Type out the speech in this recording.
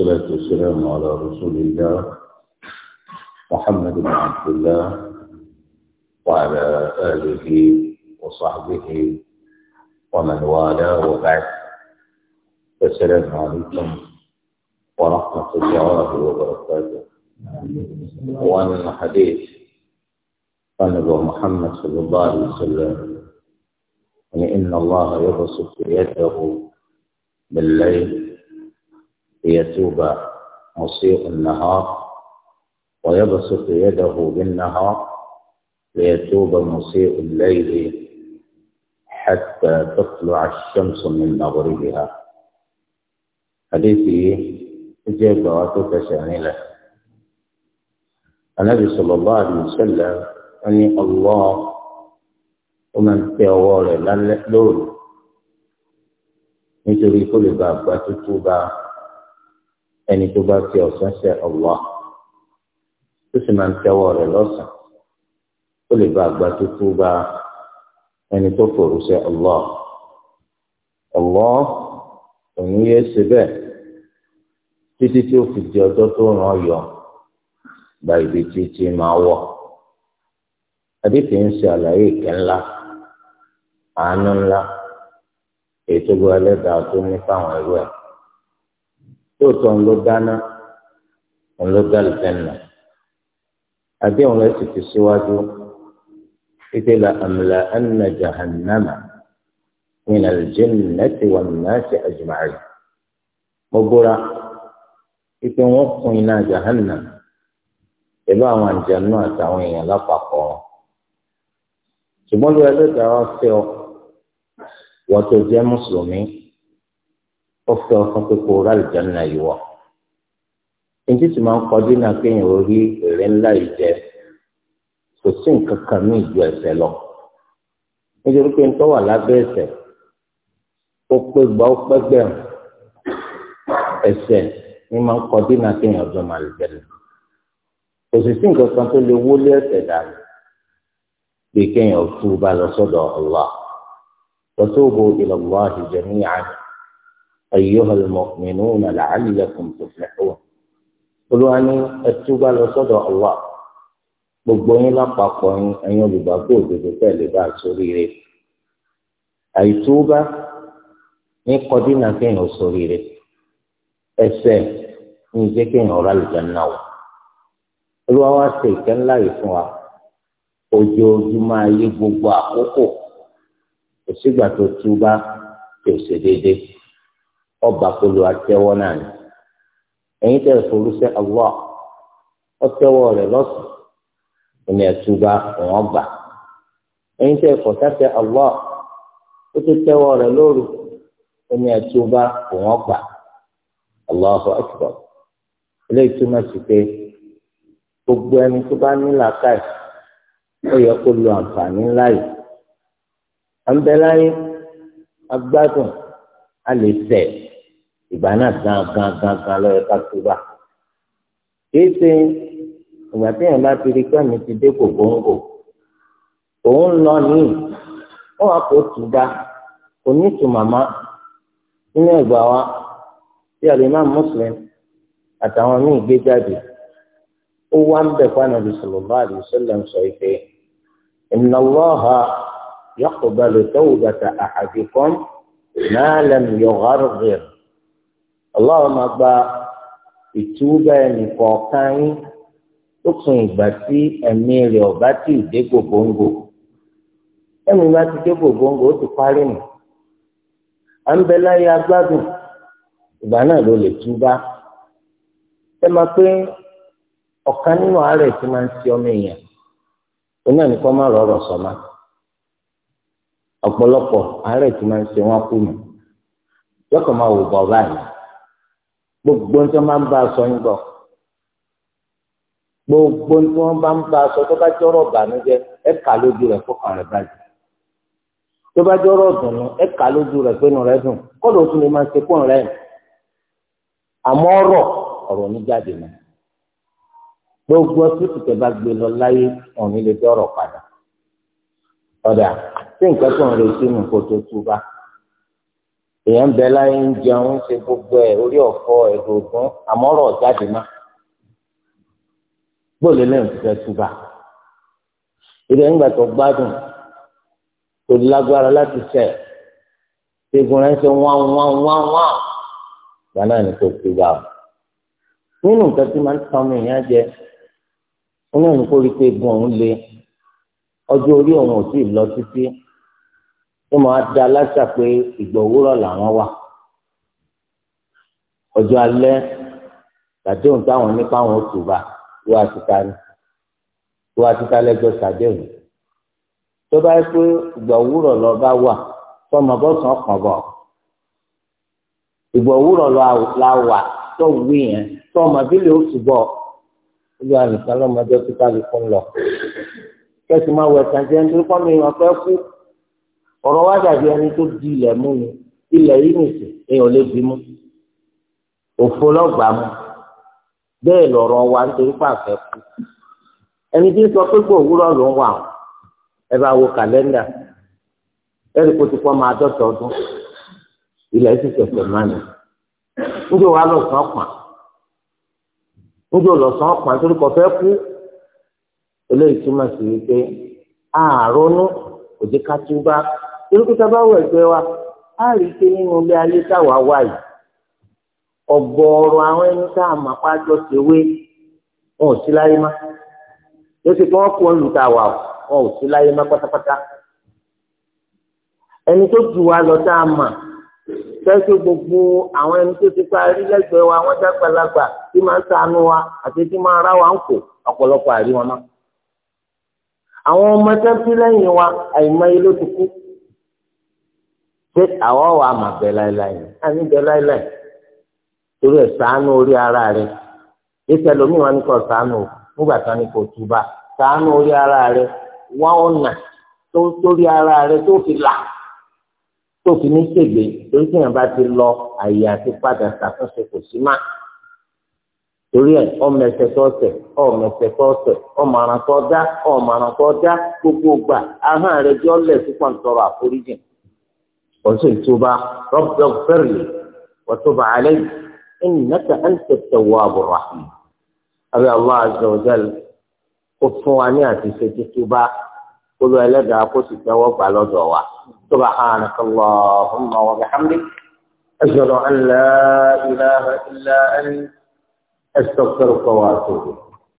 والصلاة والسلام على رسول الله محمد بن عبد الله وعلى آله وصحبه ومن والاه وبعد السلام عليكم ورحمة الله وبركاته وأنا الحديث عن أبو محمد صلى الله عليه وسلم يعني إن الله يبسط يده بالليل ليتوب مسيء النهار ويبسط يده بالنهار ليتوب مسيء الليل حتى تطلع الشمس من مغربها حديثي اجاب بواتك شاملة النبي صلى الله عليه وسلم أني الله ومن تيوالي لن لون nítorí كل باب bá ẹni tó bá fi ọ̀sán ṣe ọ̀wá tó sì máa ń tẹ́wọ́ rẹ̀ lọ́sàn ó lè bá àgbà tó tó bá ẹni tó fòrò ṣe ọ̀wá ọ̀wá òun yẹ ṣe bẹ́ẹ̀ títí tí ó fi di ọjọ́ tó ràn yọ gba ibi títí máa wọ̀ adéfìí ń ṣe àlàyé ìkẹ́ ńlá àánú ńlá èyí gbọ́ ẹlẹ́dàá tó ní fáwọn ẹrú ẹ̀ lóòótọ́ ń lọ dáná ń lọ dálẹ̀ fẹ́nà àbí àwọn ẹ̀sìn ti síwájú títí la àmìlà ẹ̀nà jahannama min al-jinnati wan nasi ajma'in mo bóra ipe wọn kún iná jahannama pẹ̀lú àwọn àjànú àtàwọn èèyàn lápapọ̀ ṣùgbọ́n lóyún ẹlẹ́dàá wá fẹ́ ọ wọ́n tó jẹ́ mùsùlùmí ọ̀fẹ́ ọ̀fẹ́ pé kò rà ìjánná yìí wọ̀. Ẹjí sì máa ń kọjú náà kéèyàn orí èrè ńlá yìí jẹ kò sí nǹkan kan ní ìjọ ẹ̀ṣẹ̀ lọ. Nítorí pé nítorí wà lábẹ́ ẹ̀ṣẹ̀ ó pé gbà ó pẹ́ gbẹ̀rún ẹ̀ṣẹ̀ ní máa ń kọjú náà kéèyàn ọjọ́ máa lè bẹ̀rẹ̀. Kò sì sí nǹkan kan tó lè wọlé ẹ̀ṣẹ̀ dànù bí kéèyàn tú bá lọ sọ́dọ̀ Allah. Watubu ila Allahi jami'an. أيها المؤمنون لعلكم تفلحون olúwa ní ẹtúgbà lọ sọ́dọ̀ Allah gbogbo yín lápapọ̀ yín ẹ̀yin olùgbàgbọ́ òdodo tẹ̀lé bá sóríire àìtúbà ní kọdínà kéèyàn sóríire ẹ̀ṣẹ̀ ní jẹ́ kéèyàn ọ̀rọ̀ àlùjáná wọ̀ olúwa wá ṣe ìkẹ́ ńlá yìí fún wa ojoojúmọ́ ayé gbogbo àkókò kò tó túbà kò ṣe déédéé. ọba kolo atẹ́wọ́ náà ni ẹ̀yin tẹ forúsẹ Allah ọtẹ́wọ́ rẹ̀ lọ́sàn ìní ẹtùbà òun ọgbà ẹ̀yin tẹ fọsẹsẹ Allah ó tún tẹ́wọ́ rẹ̀ lóru ìní ẹtùbà òun ọgbà Allahu akbar eléyìí túmọ̀ sí pé gbogbo ẹni tó bá ní làákàyè ó yẹ kó lo àǹfààní ńlá yìí à ń bẹ láyé agbádùn a lè ìgbà náà gan gan gan gan lọ ẹ̀ka tó bá kìí ṣe ìgbà tí èèyàn bá ti rí kẹ́mi ti dé kò góńgò òun lọ ní ó wà kó tù dá kò ní tù màmá nínú ẹgbà wa tí alimam Muslim àtàwọn míì gbé jáde ó wá ń bẹ̀ fún anabi sallallahu alaihi wasallam sọ ìfẹ́ inna Allaha yaqbalu tawbata ahadikum ma lam yugharghir. ọlọ́run máa gba ìtúbà ẹnìkọ̀ọ̀kan yín lókun ìgbà tí ẹ̀mí rẹ̀ ọ̀bá tí ì dé gbogbo ẹ̀mí bá ti dé gbogbo ó ti parí nù à ń bẹ láyé agbádùn ìgbà náà ló lè ẹ máa pé ọ̀kan nínú àárẹ̀ tí máa ń ṣe ọmọ èèyàn òun náà gbogbo tí wọn bá ń bá a sọ ń gbọ́ gbogbo tí wọn bá ń bá a sọ tó bá jọrọ bànújẹ́ ẹ kà lójú rẹ fọkàn rẹ báyìí tó bá jọrọ dùnú ẹ kà lójú rẹ pé nù rẹ dùn kọdọ tún lè máa ṣe kún rẹ àmọ́ ọ̀rọ̀ ọ̀rọ̀ ní jáde náà gbogbo títí tẹ bá gbé lọ láyé òní lè dọrọ padà ọdà tí nǹkan tó ń retí nù kó tó tú bá èèyàn ń bẹ láyé ń jẹun ṣe gbogbo ẹ orí ọ̀fọ̀ ẹ̀dọ̀gbọ́n àmọ́rọ̀ jáde má gbọ́dọ̀ lẹ́yìn tó fẹ́ túbà ìrẹ̀ ń gbà tó gbádùn kò lágbára láti sẹ̀ ṣègùn rẹ̀ ń ṣe wán wán wán wán gbaná ni kò túbà o nínú nǹkan tí máa ń tán mi ìyá jẹ nínú nǹkan orí pé egun òun le ọjọ́ orí òun ò tí ì lọ títí tó máa da aláṣà pé ìgbà òwúrọ̀ làwọn wà ọjọ́ alẹ́ tàdéhùn táwọn nípa àwọn oṣù bá wọ àtìta ni wọ àtìta lẹ́jọ́ tàdéhùn tó bá yẹ pé ìgbà òwúrọ̀ lọ bá wà tọmọ bọ́sàn kàn bọ̀ ìgbà òwúrọ̀ la wà tó wí yẹn tọmọ bí lè oṣù bọ̀ ìlú àlùkò ọlọ́mọdé tó kálukú ń lọ kẹsì máa wọ ẹ̀ka jẹ́ nítorí pọ́nmi ọ̀fẹ́ kú ọ̀rọ̀ wa dàbí ẹni tó di ilẹ̀ mú ni ilẹ̀ yìí nìsí èèyàn lè bí mú òfo lọ́gbà mú bẹ́ẹ̀ lọ̀rọ̀ wa nítorí pàfẹ́ kú ẹni tí ń sọ pé gbòòwúrọ̀ ló ń wà ó ẹ bá wo kàlẹ́ndà ẹ̀rí kó ti pọ́ máa dọ́tọ̀ ọdún ilẹ̀ sì tẹ̀sẹ̀ máa nì níjó wa lọ sàn pà níjó lọ sàn pà nítorí kò fẹ́ kú eléyìí túmọ̀ sí wípé ààrọ́nú òjìká túbá torókítà bá wọ ẹgbẹ́ wa á rí i pé nínú ilé ayé táwa wà yìí ọ̀gọ̀ọ̀rọ̀ àwọn ẹni tá a mà pa jọ ṣèwé wọn ò sí láyé má yóò ṣe kí wọn kú wà wọn ò sí láyé má pátápátá ẹni tó jù wá lọ tá a mà tẹ́sí gbogbo àwọn ẹni tó ti pa rí wa wọ́n jágbàlagbà tí máa ń ṣàánú wa àti tí máa ń rá wa ń kò ọ̀pọ̀lọpọ̀ àrí wọn má àwọn ọmọ tẹ́sí lẹ́yìn wa àìmọye ló ti kú ṣé àwọn wà mà bẹ láéláé àní bẹ láéláé torí ẹ ṣàánú orí ara rẹ ìṣẹ lómi wọn ni kò ṣàánú nígbà tán ni kò túbà ṣàánú orí ara rẹ wọn ọ̀nà tó torí ara rẹ tó fi là tó fi ní ṣègbè torí tí yẹn bá ti lọ àyè àti padà ṣàtúnṣe kò sí má torí ẹ ọmọ ẹsẹ tọọsẹ ọmọ ẹsẹ tọọsẹ ọmọ aràn tọọdá ọmọ aràn tọọdá gbogbo gbà ahọ́n rẹ jọ lẹ̀ púpọ̀ ń tọrọ وسئ توبة رب اغفر لي وتب علي إنك أنت التواب الرحيم أبي الله عز وجل قفواني أتي توبة قل ولد أقوس التواب على دعوة سبحانك اللهم وبحمدك أشهد أن لا إله إلا أنت أستغفرك وأتوب إليك